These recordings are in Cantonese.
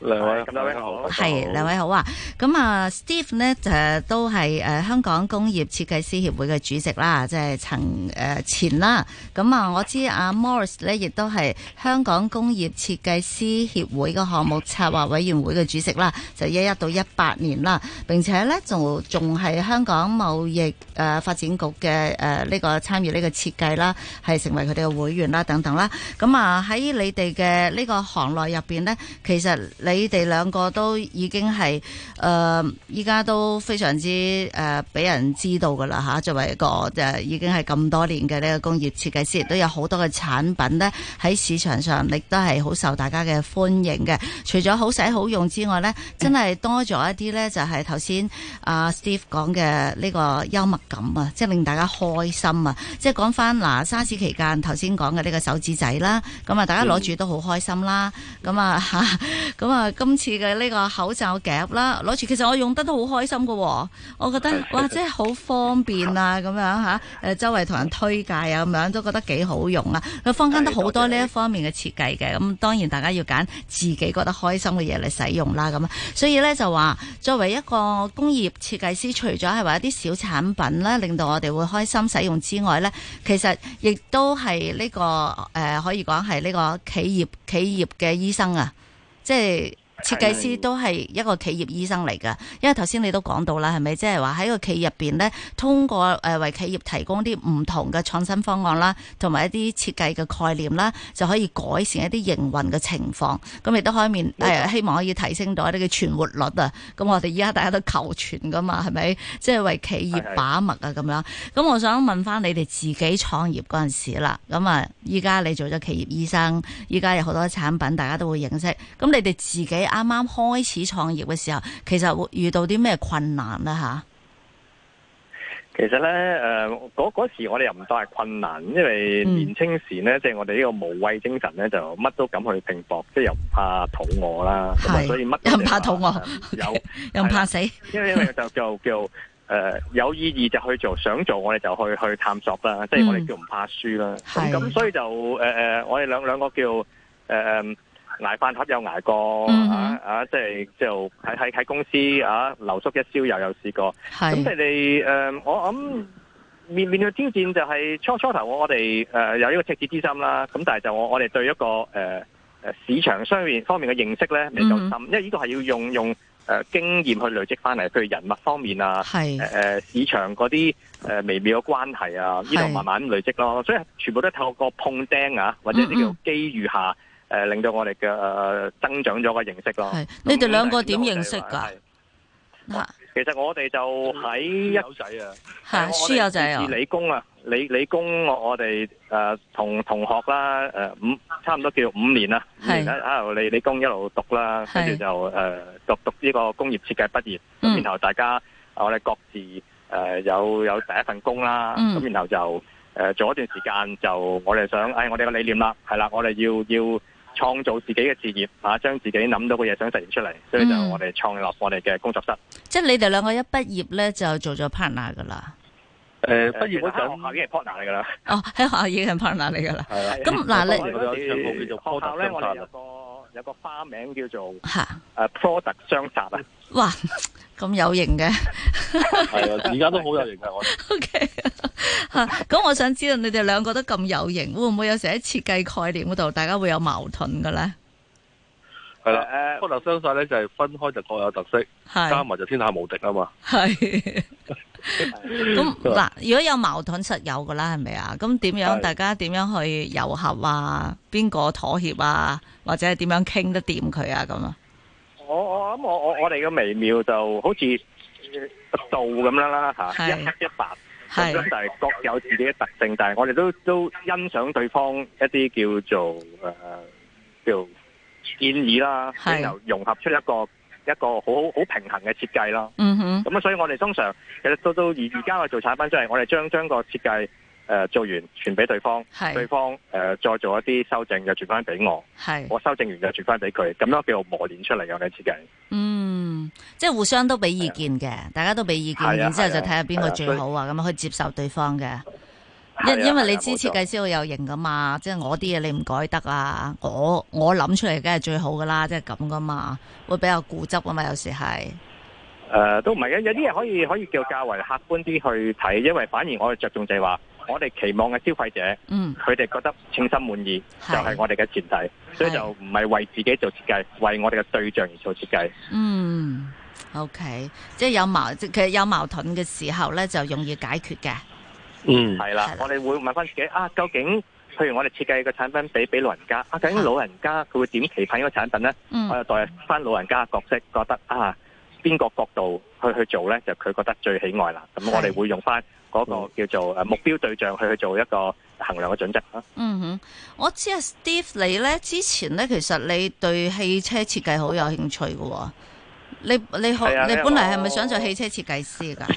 兩位咁多位好，係兩位好啊！咁啊，Steve 呢就都係誒香港工業設計師協會嘅主席啦，即係曾誒前啦。咁啊，我知阿 Morris 呢亦都係香港工業設計師協會嘅項目策劃委員會嘅主席啦，就一一到一八年啦，並且呢，就仲係香港貿易誒、呃、發展局嘅誒呢個參與呢個設計啦，係成為佢哋嘅會員啦等等啦。咁啊喺你哋嘅呢個行內入邊呢，其實。你哋兩個都已經係誒，依、呃、家都非常之誒，俾、呃、人知道噶啦吓，作為一個誒、呃，已經係咁多年嘅呢個工業設計師，都有好多嘅產品咧喺市場上，亦都係好受大家嘅歡迎嘅。除咗好使好用之外咧，真係多咗一啲咧，就係頭先阿 Steve 講嘅呢個幽默感啊，即係令大家開心啊！即係講翻嗱，沙士期間頭先講嘅呢個手指仔啦，咁啊，大家攞住都好開心啦，咁啊吓，咁啊。嗯啊、今次嘅呢個口罩夾啦，攞住其實我用得都好開心噶、哦，我覺得哇，真係好方便啊！咁樣吓誒、啊，周圍同人推介啊，咁樣都覺得幾好用啊。佢坊間都好多呢一方面嘅設計嘅，咁當然大家要揀自己覺得開心嘅嘢嚟使用啦。咁啊，所以呢，就話作為一個工業設計師，除咗係話一啲小產品咧，令到我哋會開心使用之外呢，其實亦都係呢個誒、呃，可以講係呢個企業企業嘅醫生啊。即設計師都係一個企業醫生嚟㗎，因為頭先你都講到啦，係咪即係話喺個企業入邊呢，通過誒為企業提供啲唔同嘅創新方案啦，同埋一啲設計嘅概念啦，就可以改善一啲營運嘅情況。咁亦都可以面誒，希望可以提升到一啲嘅存活率啊。咁我哋依家大家都求存㗎嘛，係咪？即係為企業把脈啊咁樣。咁我想問翻你哋自己創業嗰陣時啦，咁啊，依家你做咗企業醫生，依家有好多產品大家都會認識。咁你哋自己，啱啱開始創業嘅時候，其實會遇到啲咩困難咧？吓，其實咧，誒、呃，嗰嗰時我哋又唔當係困難，因為年輕時咧，嗯、即係我哋呢個無畏精神咧，就乜都敢去拼搏，即係又唔怕肚餓啦，是所以乜又唔怕肚餓，又又唔怕死，因為就就叫誒、呃、有意義就去做， 想做我哋就去去探索啦，嗯、即係我哋叫唔怕輸啦，咁是所以就誒誒、呃，我哋兩兩個叫誒。呃捱飯盒又捱過啊、嗯、哼啊！即係就喺喺喺公司啊，留宿一宵又有試過。咁是你哋、呃、我諗面面對挑戰就係、是、初初頭我哋誒、呃、有呢個赤子之心啦。咁但係就我我哋對一個誒、呃、市場商面方面嘅認識咧，未夠深，嗯、哼因為呢個係要用用誒、呃、經驗去累積翻嚟，譬如人物方面啊，是呃、市場嗰啲誒微妙嘅關係啊，呢度是慢慢累積咯。所以全部都透過碰釘啊，或者呢個機遇下。嗯誒，令到我哋嘅增長咗個認識咯。係，你哋兩個點認識噶？嗱，其實我哋就喺一，係書友仔啊，係理工啊，理理工我我哋誒同同學啦，誒五差唔多叫五年啦，係喺度理理工一路讀啦，跟住就誒讀讀呢個工業設計畢業，嗯，然後大家我哋各自誒有有第一份工啦，嗯，咁然後就誒做一段時間，就我哋想，誒我哋個理念啦，係啦，我哋要要。創造自己嘅事業，吓將自己諗到嘅嘢，想實現出嚟，所以就創我哋創立我哋嘅工作室。即係、嗯、你哋兩個一畢業咧就做咗 partner 噶啦。誒、呃，畢業嗰陣已經係 partner 嚟噶啦。哦，喺學校已經係 partner 嚟噶啦。係、哦哦、啊。咁嗱咧，我有兩部叫做 product 雙殺啦。學校咧，我哋有個有個花名叫做吓誒 product 雙殺啊。哇、uh, 啊，咁有型嘅。係啊，而家都好有型嘅我。Okay. 咁、 啊、我想知道你哋兩個都咁有型，會唔會有時喺設計概念嗰度，大家會有矛盾嘅咧？係啦、啊，誒、啊，不能相信咧就係、是、分開就各有特色，是加埋就天下無敵啊嘛。係咁嗱，如果有矛盾實有噶啦，係咪是啊？咁點樣大家點樣去融合啊？邊個妥協啊？或者係點樣傾得掂佢啊？咁啊？我我諗我我我哋嘅微妙就好似、呃、道咁啦，吓、啊、是一黑一咁但就係各有自己嘅特性，但係我哋都都欣賞對方一啲叫做誒、呃、叫建議啦，是然後融合出一個一個好好好平衡嘅設計啦、mm hmm. 嗯哼，咁啊，所以我哋通常其實到到而而家去做產品即係，我哋將將個設計。誒、呃，做完傳俾對方，是對方誒、呃、再做一啲修正的，又傳翻俾我，是我修正完又傳翻俾佢，咁樣叫做磨練出嚟嘅設計。嗯，即係互相都俾意見嘅，的大家都俾意見，然之後就睇下邊個最好啊，咁的去接受對方嘅。因因為你知設計先設計師好有型噶嘛，即係我啲嘢你唔改得啊，我我諗出嚟梗係最好噶啦，即係咁噶嘛，會比較固執啊嘛，有時係。誒、呃，都唔係嘅，有啲嘢可以可以叫較為客觀啲去睇，因為反而我哋着重就係話我哋期望嘅消費者，佢哋、嗯、覺得稱心滿意，就係、是、我哋嘅前提，是所以就唔係為自己做設計，是為我哋嘅對象而做設計。嗯，OK，即係有矛，其實有矛盾嘅時候咧，就容易解決嘅。嗯，係啦的，是的我哋會問翻自己啊，究竟譬如我哋設計個產品俾俾老人家，啊，究竟老人家佢會點期盼呢個產品咧？嗯、我又代入翻老人家嘅角色，覺得啊。邊個角度去去做呢？就佢覺得最喜愛啦。咁我哋會用翻嗰個叫做誒目標對象去去做一個衡量嘅準則啦。嗯哼，我知啊，Steve 你呢之前呢，其實你對汽車設計好有興趣嘅。你你好、啊、你本嚟係咪想做汽車設計師噶？哦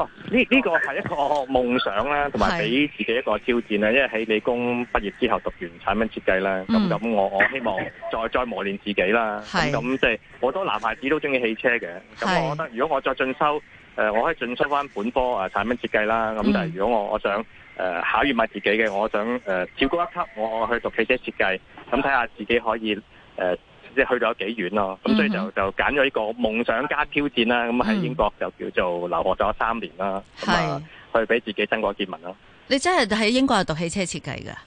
呢呢、哦，這個係一個夢想啦，同埋俾自己一個挑戰啦。是因為喺理工畢業之後讀完產品設計啦，咁咁、嗯、我我希望再再磨練自己啦。咁即係好多男孩子都中意汽車嘅，咁是我覺得如果我再進修，誒、呃，我可以進修翻本科啊產品設計啦。咁但係如果我我想誒、呃、考驗下自己嘅，我想誒跳高一級，我去讀汽車設計，咁睇下自己可以誒。呃即係去咗幾遠咯，咁所以就就揀咗呢個夢想加挑戰啦，啊，咁喺，mm hmm. 英國就叫做留學咗三年啦，啊，咁去俾自己增過見聞咯。你真係喺英國係讀汽車設計噶？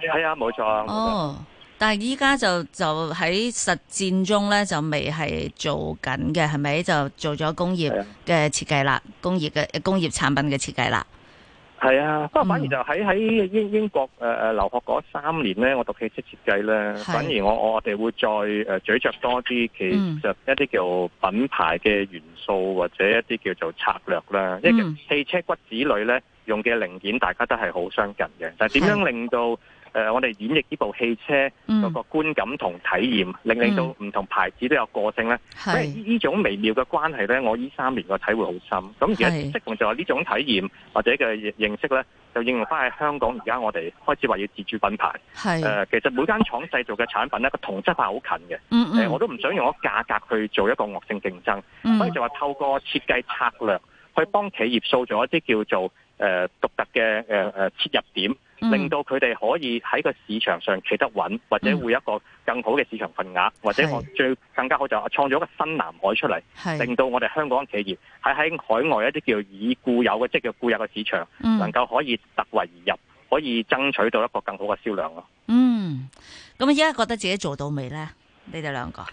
係啊，冇錯。哦，冇錯。但係依家就就喺實戰中咧，就未係做緊嘅，係咪？就做咗工業嘅設計啦，啊，工業嘅工業產品嘅設計啦。係啊，不過反而就喺喺英英國誒誒留學嗰三年咧，我讀汽車設計咧，是反而我我哋會再誒、呃、咀嚼多啲，其實一啲叫品牌嘅元素或者一啲叫做策略啦，嗯、因為汽車骨子裏咧。用嘅零件大家都係好相近嘅，但係點樣令到誒是、呃、我哋演繹呢部汽車嗰個觀感同體驗，嗯、令令到唔同牌子都有個性咧？係呢是種微妙嘅關係咧，我依三年個體會好深。咁而家即係同就話呢種體驗或者嘅認識咧，就應用翻喺香港而家我哋開始話要自主品牌。係是、呃、其實每間廠製造嘅產品咧，個同質化好近嘅。嗯，嗯、呃、我都唔想用個價格去做一個惡性競爭，嗯、所以就話透過設計策略去幫企業塑造一啲叫做。誒，獨、呃、特嘅誒誒切入點，令到佢哋可以喺個市場上企得穩，或者會有一個更好嘅市場份額，或者我最更加好就創咗一個新南海出嚟，令到我哋香港企業喺喺海外一啲叫以固有嘅，即係叫固有嘅市場，能夠可以突圍而入，可以爭取到一個更好嘅銷量咯。嗯，咁依家覺得自己做到未呢？你哋兩個？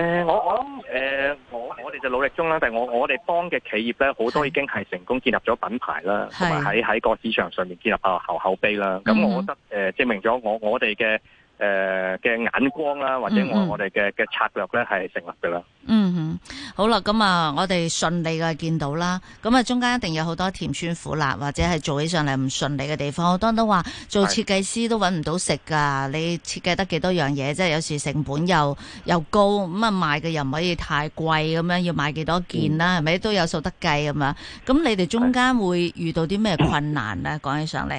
誒我我諗誒，我我哋就努力中啦，但係我我哋幫嘅企業咧，好多已經係成功建立咗品牌啦，同埋喺喺個市場上面建立啊後口碑啦。咁、嗯、哼我覺得誒、呃，證明咗我我哋嘅。誒嘅、呃、眼光啦，或者我我哋嘅嘅策略咧係成立嘅啦。嗯哼，好啦，咁啊，我哋順利嘅見到啦。咁啊，中間一定有好多甜酸苦辣，或者係做起上嚟唔順利嘅地方。好多人都話做設計師都搵唔到食㗎。是你設計得幾多樣嘢，即係有時成本又又高，咁啊賣嘅又唔可以太貴咁樣，要買幾多件啦，係咪、嗯、都有數得計咁樣。咁你哋中間會遇到啲咩困難咧？講是起上嚟。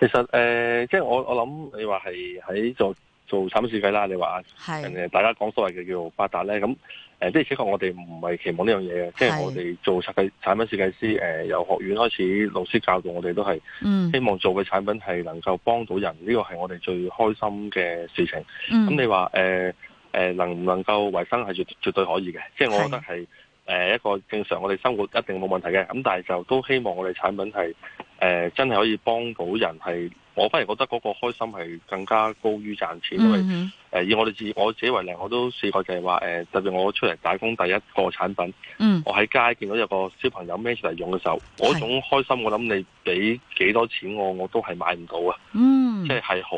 其實誒、呃，即係我我諗你話係喺做做產品設計啦，你話誒是大家講所謂嘅叫做發達咧，咁誒即係的確我哋唔係期望呢樣嘢嘅。是即係我哋做設計產品設計師誒、呃，由學院開始老師教導我哋都係、嗯、希望做嘅產品係能夠幫到人，呢、這個係我哋最開心嘅事情。咁、嗯、你話誒誒能唔能夠維生係絕絕對可以嘅，即係我覺得係誒是、呃、一個正常我哋生活一定冇問題嘅。咁但係就都希望我哋產品係。誒、呃，真係可以幫到人係，我反而覺得嗰個開心係更加高於賺錢。因為誒、mm hmm. 呃，以我哋自我自己為例，我都試過就係話，誒、呃，特別我出嚟打工第一個產品，mm hmm. 我喺街見到有個小朋友孭出嚟用嘅時候，嗰種開心，是我諗你俾幾多錢我，我都係買唔到啊！Mm hmm. 即係好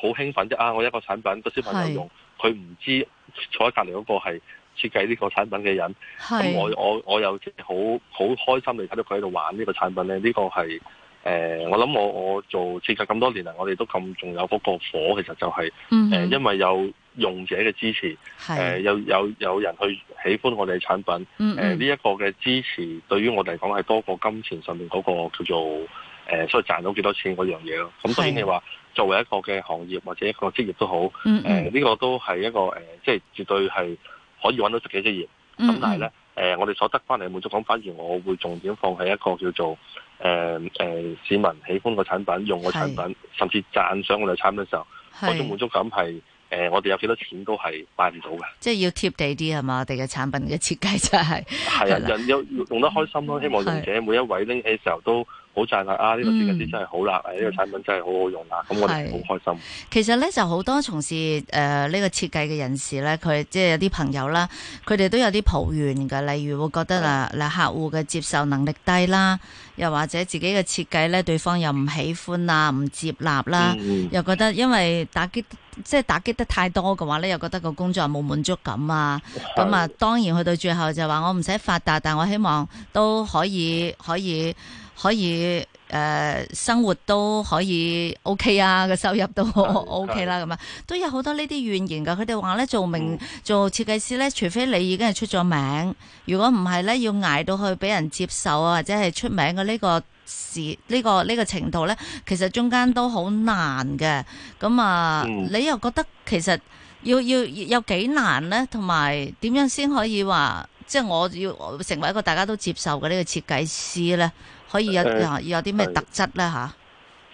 好興奮啫！啊，我一個產品個小朋友用，佢唔是知坐喺隔籬嗰個係設計呢個產品嘅人，咁是我我我又即係好好開心地睇到佢喺度玩呢個產品咧。呢、這個係誒、呃，我諗我我做設計咁多年嚟，我哋都咁仲有嗰個火，其實就係、是、誒、嗯嗯呃，因為有用者嘅支持，是呃、有有有人去喜歡我哋嘅產品，誒呢一個嘅支持對於我哋嚟講係多過金錢上面嗰個叫做誒、呃，所以賺到幾多錢嗰樣嘢咯。咁是當然你話作為一個嘅行業或者一個職業都好，誒呢、嗯嗯呃這個都係一個誒，即、呃、係絕對係。可以揾到自幾值嘢，咁但係咧，誒、呃、我哋所得翻嚟嘅滿足感，反而我會重點放喺一個叫做誒、呃呃、市民喜歡嘅產品，用嘅產品，是甚至讚賞我哋產品嘅時候，嗰種是滿足感係誒、呃、我哋有幾多錢都係買唔到嘅。即係要貼地啲係嘛？我哋嘅產品嘅設計就係、是、係啊！ 人有用得開心咯，希望用者每一位拎起時候都。好讚啦！啊，呢、這個設計師真係好啦，呢、嗯、個產品真係好好用啦，咁我哋好開心。其實呢，就好多從事誒呢、呃這個設計嘅人士呢，佢即係有啲朋友啦，佢哋都有啲抱怨㗎。例如會覺得是啊，嗱，客戶嘅接受能力低啦，又或者自己嘅設計呢，對方又唔喜歡啊，唔接納啦，嗯、又覺得因為打擊，即係打擊得太多嘅話呢，又覺得個工作冇滿足感啊，咁是啊，當然去到最後就話我唔使發達，但我希望都可以可以。可以誒、呃，生活都可以 O K 啊，個收入都 O K 啦，咁啊， 都有好多呢啲怨言噶。佢哋話咧做名，嗯、做設計師咧，除非你已經係出咗名，如果唔係咧，要捱到去俾人接受啊，或者係出名嘅呢個事，呢、這個呢、這個程度咧，其實中間都好難嘅。咁啊，嗯、你又覺得其實要要、要有幾難咧？同埋點樣先可以話，即係我要成為一個大家都接受嘅呢個設計師咧？可以有有有啲咩特質咧吓？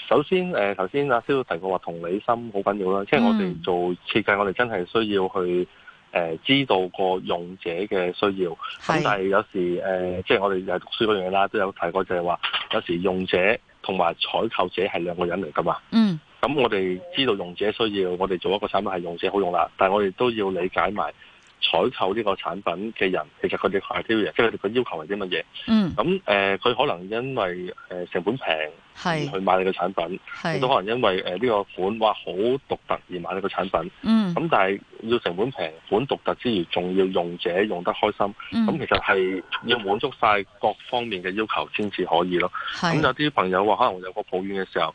首先，誒、呃，頭先阿蕭提過話同理心好緊要啦。即係、嗯、我哋做設計，我哋真係需要去誒、呃、知道個用者嘅需要。咁是但係有時誒、即、呃、係、就是、我哋又讀書嗰樣嘢啦，都有提過就係話，有時用者同埋採購者係兩個人嚟噶嘛。嗯。咁我哋知道用者需要，我哋做一個產品係用者好用啦，但係我哋都要理解埋。採購呢個產品嘅人，其實佢哋 criteria 即係佢哋個要求係啲乜嘢。嗯。咁誒，佢、呃、可能因為誒成本平，係是去買你個產品，都是可能因為誒呢個款話好獨特而買你個產品。嗯。咁但係要成本平、款獨特之餘，仲要用者用得開心。咁、嗯、其實係要滿足晒各方面嘅要求先至可以咯。咁是有啲朋友話可能有個抱怨嘅時候，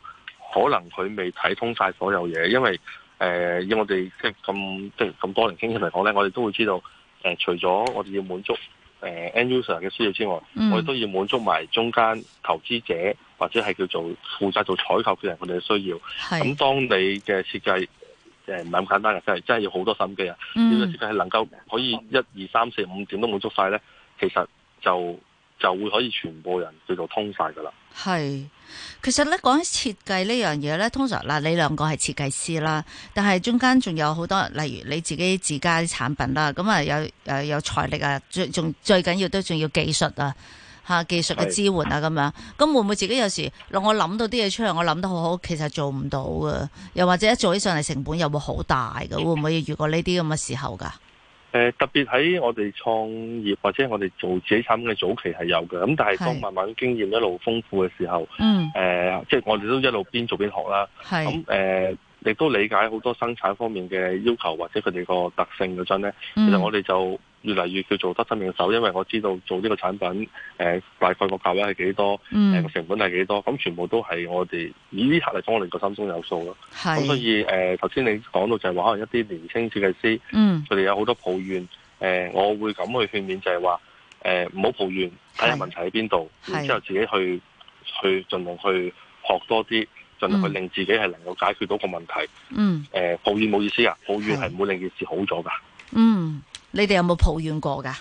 可能佢未睇通晒所有嘢，因為。誒，以我哋即係咁即係咁多年經驗嚟講咧，我哋都會知道，誒、呃，除咗我哋要滿足誒、呃、end user 嘅需要之外，嗯、我哋都要滿足埋中間投資者或者係叫做負責做採購嘅人佢哋嘅需要。咁是當你嘅設計誒唔係咁簡單嘅，即係真係要好多心機啊！呢個、嗯、設計係能夠可以一二三四五點都滿足晒咧，其實就就會可以全部人叫做通晒噶啦。係。其實咧講起設計呢樣嘢咧，通常嗱你兩個係設計師啦，但係中間仲有好多，例如你自己自家啲產品啦，咁啊有誒有，有財力啊，最仲最緊要都仲要技術啊，吓、啊、技術嘅支援啊咁樣，咁是會唔會自己有時我諗到啲嘢出嚟，我諗得好好，其實做唔到噶，又或者一做起上嚟成本又會好大噶，會唔會要遇過呢啲咁嘅時候噶？誒、呃，特別喺我哋創業或者我哋做自己產品嘅早期係有嘅，咁但係當慢慢經驗一路豐富嘅時候，誒是、呃，即係我哋都一路邊做邊學啦。咁誒是，亦、呃、都理解好多生產方面嘅要求或者佢哋個特性嗰陣咧，其實我哋就越嚟越叫做得心應手，因為我知道做呢個產品，誒、呃，大概個價位係幾多，誒、嗯，個成本係幾多，咁全部都係我哋以呢客嚟講，我哋個心中有數咯。咁是所以，誒、呃，頭先你講到就係話，可能一啲年輕設計師，佢哋、嗯、有好多抱怨，誒、呃，我會咁去勸勉就，就係話，誒，唔好抱怨，睇下問題喺邊度，是然之後自己去去盡量去學多啲，盡量去令自己係能夠解決到個問題。嗯，誒、呃，抱怨冇意思啊，抱怨係唔會令件事好咗噶。是嗯。你哋有冇抱怨過噶？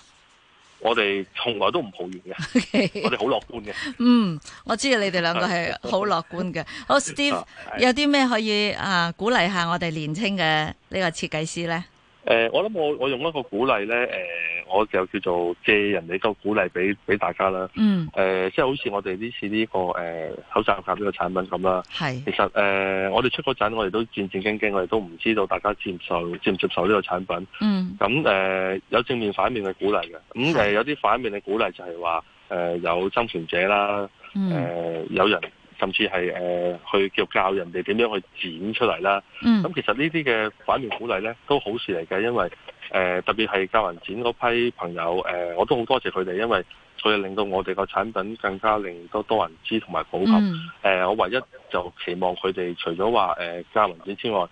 我哋從來都唔抱怨嘅，Okay 我哋好樂觀嘅。嗯，我知道你哋兩個係好樂觀嘅。 好，Steve，、啊、有啲咩可以啊、呃、鼓勵一下我哋年青嘅呢個設計師咧？誒、呃，我諗我我用一個鼓勵咧誒。呃我就叫做借人哋個鼓勵俾俾大家啦。嗯。誒、呃，即係好似我哋呢次呢、呢個誒、呃、口罩盒呢個產品咁啦。是其實誒、呃，我哋出嗰陣，我哋都戰戰兢兢，我哋都唔知道大家接受接唔接受呢個產品。嗯。咁誒、呃、有正面反面嘅鼓勵嘅。咁、嗯、是有啲反面嘅鼓勵就係話誒有爭存者啦。呃、嗯。有人。甚至係誒去叫教人哋點樣去剪出嚟啦。咁、嗯、其實呢啲嘅反面鼓勵咧，都好事嚟嘅，因為誒、呃、特別係教雲剪嗰批朋友誒、呃，我都好多謝佢哋，因為佢哋令到我哋個產品更加令到多人知同埋普及。誒、嗯呃，我唯一就期望佢哋除咗話誒教雲剪之外，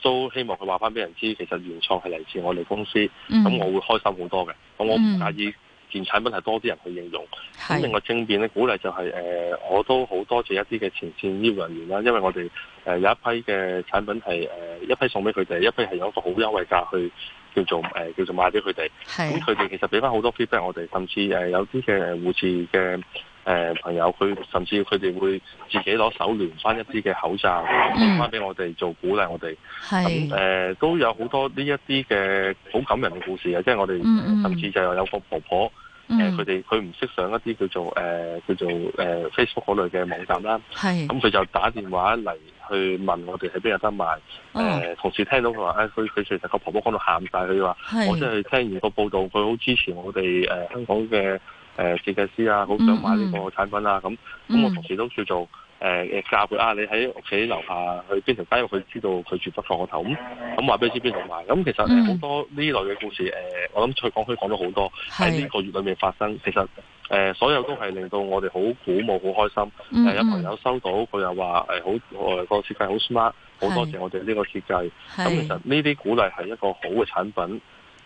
都希望佢話翻俾人知，其實原創係嚟自我哋公司。咁、嗯、我會開心好多嘅，我唔介意、嗯。件產品係多啲人去應用，咁另外正面嘅鼓勵就係、是、誒、呃，我都好多謝一啲嘅前線醫護人員啦，因為我哋誒有一批嘅產品係誒一批送俾佢哋，一批係有一個好優惠價去叫做誒、呃、叫做賣俾佢哋，咁佢哋其實俾翻好多 feedback，我哋甚至誒有啲嘅護士嘅。誒、呃、朋友佢，佢甚至佢哋會自己攞手聯翻一啲嘅口罩，送翻俾我哋做鼓勵我哋是、嗯呃。都有好多呢一啲嘅好感人嘅故事，即係我哋、嗯、甚至就有個婆婆佢哋佢唔識上一啲叫做叫、呃、做、呃做呃、Facebook 嗰類嘅網站啦。咁是，佢、嗯嗯、就打電話嚟去問我哋喺邊有得賣。呃嗯、同事聽到佢話佢佢其實個婆婆講到喊晒，佢話我真係聽完個報道，佢好支持我哋、呃、香港嘅。誒設計師啊，好想買呢個產品啊。咁咁、嗯嗯、我同時都叫做誒誒教佢啊，你喺屋企樓下去邊條街，佢知道佢住乜房頭，咁咁話俾佢知邊度買。咁、嗯嗯、其實好、呃、多呢類嘅故事，誒、呃、我諗是在廣區講咗好多喺呢個月裏面發生，其實誒、呃、所有都係令到我哋好鼓舞、好開心。但、嗯嗯、有朋友收到佢又話誒好誒個設計好 smart，好多謝我哋呢個設計。咁其實呢啲鼓勵係一個好嘅產品，誒、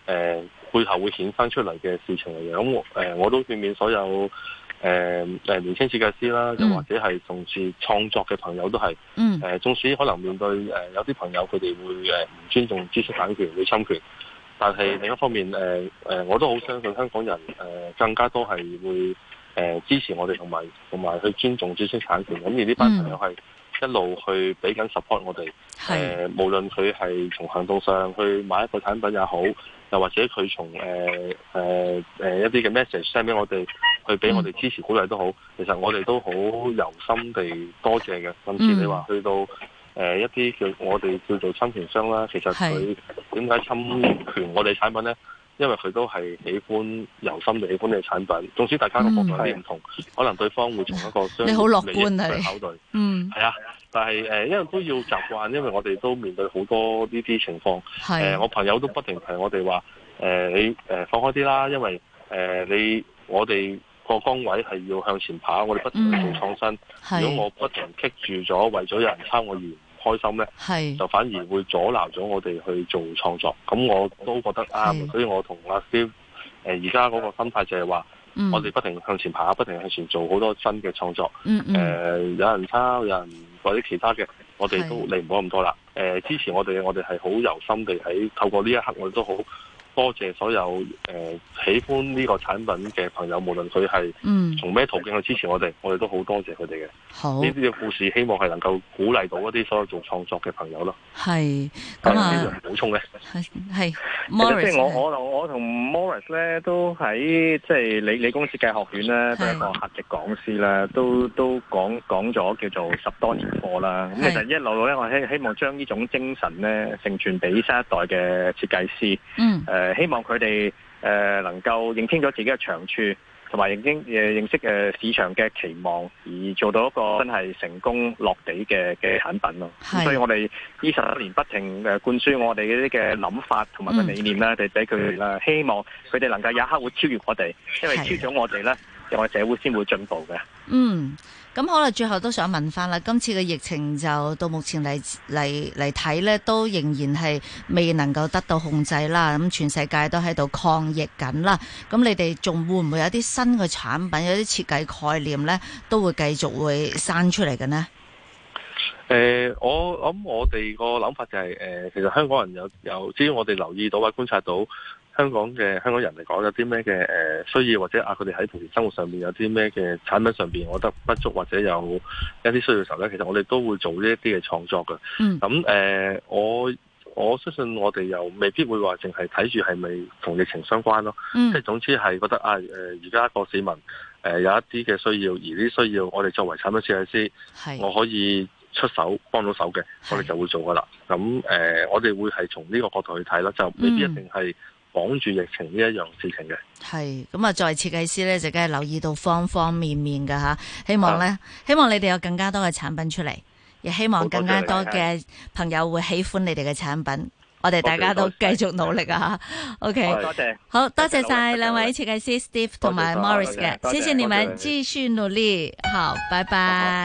呃。背後會衍生出嚟嘅事情嚟嘅，咁我誒、呃、我都見面所有誒誒、呃、年輕設計師啦，又、嗯、或者係從事創作嘅朋友都係，誒縱使可能面對誒、呃、有啲朋友佢哋會誒唔、呃、尊重知識產權會侵權，但係另一方面誒誒、呃呃、我都好相信香港人誒、呃、更加多係會誒、呃、支持我哋同埋同埋去尊重知識產權，咁、呃、而呢班朋友係一路去俾緊 support 我哋，誒無論佢係從行動上去買一個產品也好。又或者佢從誒誒、呃呃呃、一啲嘅 message send 俾我哋，佢俾我哋支持鼓勵都好。其實我哋都好由心地多謝嘅。甚至你話去到誒、呃、一啲叫我哋叫做侵權商啦，其實佢點解侵權我哋產品咧？因為佢都係喜歡由心地喜歡你產品。總之大家個角度唔同，嗯、可能對方會從一個商業利益嘅角度去考慮。口對嗯，係啊。但係誒、呃，因為都要習慣，因為我哋都面對好多呢啲情況。是、呃。我朋友都不停提我哋話：誒、呃，你、呃、放開啲啦，因為誒、呃、你我哋個崗位係要向前跑，我哋不斷做創新。嗯、如果我不停棘住咗，為咗有人撐我而唔開心咧，是就反而會阻撓咗我哋去做創作。咁我都覺得啱，是所以我同阿 Phil 誒而家嗰個心態就係話。 我哋不停向前爬，不停向前做好多新嘅創作、 呃。有人抄，有人或者其他嘅，我哋都理唔到咁多啦。之、呃、前我哋，我哋係好由心地喺透過呢一刻，我哋都好。多謝所有誒、呃、喜歡呢個產品嘅朋友，無論佢係從咩途徑去支持我哋，我哋都好多謝佢哋嘅。好呢啲嘅故事，希望係能夠鼓勵到嗰啲所有做創作嘅朋友咯。係咁呢樣補充咧，係係。即係我我同我同 Morris 咧，都喺即係理你公司嘅學院理工設計學院咧，都係是一個客席講師啦，都都講講咗叫做十多年課啦。咁是其實一路咧，我希希望將呢種精神咧，承傳俾新一代嘅設計師。嗯。誒。誒，希望佢哋誒能夠認清咗自己嘅長處，同埋認清誒認識誒市場嘅期望，而做到一個真係成功落地嘅嘅產品咯。的所以我哋呢十一年不停誒灌輸我哋嘅諗法同埋嘅理念啦，嚟俾佢啦。希望佢哋能夠有一刻會超越我哋，因為超越咗我哋咧，的我哋社會先會進步嘅。嗯。咁可能最後都想問翻啦，今次嘅疫情就到目前嚟嚟嚟睇咧，都仍然係未能夠得到控制啦。咁全世界都喺度抗疫緊啦。咁你哋仲會唔會有啲新嘅產品，有啲設計概念咧，都會繼續會生出嚟嘅呢？誒、呃，我諗我哋個諗法就係誒，其實香港人有有，只要我哋留意到或者觀察到。香港嘅香港人嚟講，有啲咩嘅誒需要，或者啊，佢哋喺平時生活上面有啲咩嘅產品上面，我覺得不足或者有一啲需要嘅時候咧，其實我哋都會做呢一啲嘅創作嘅。嗯。咁、呃、誒，我我相信我哋又未必會話淨係睇住係咪同疫情相關咯。嗯。即係總之係覺得啊誒，而、呃、家個市民誒、呃、有一啲嘅需要，而呢啲需要我哋作為產品設計師，是 我可以出手幫到手嘅，是 我哋就會做噶啦。咁誒、呃，我哋會係從呢個角度去睇啦，就未必一定係。嗯綁住疫情呢一樣事情嘅，係咁啊！作為設計師咧，就梗係留意到方方面面噶吓，希望咧，希望你哋有更加多嘅產品出嚟，亦希望更加多嘅朋友會喜歡你哋嘅產品。我哋大家都繼續努力啊！OK，多謝，好多謝晒兩位設計師 Steve 同埋 Morris 嘅，謝謝你們繼續努力，好，拜拜。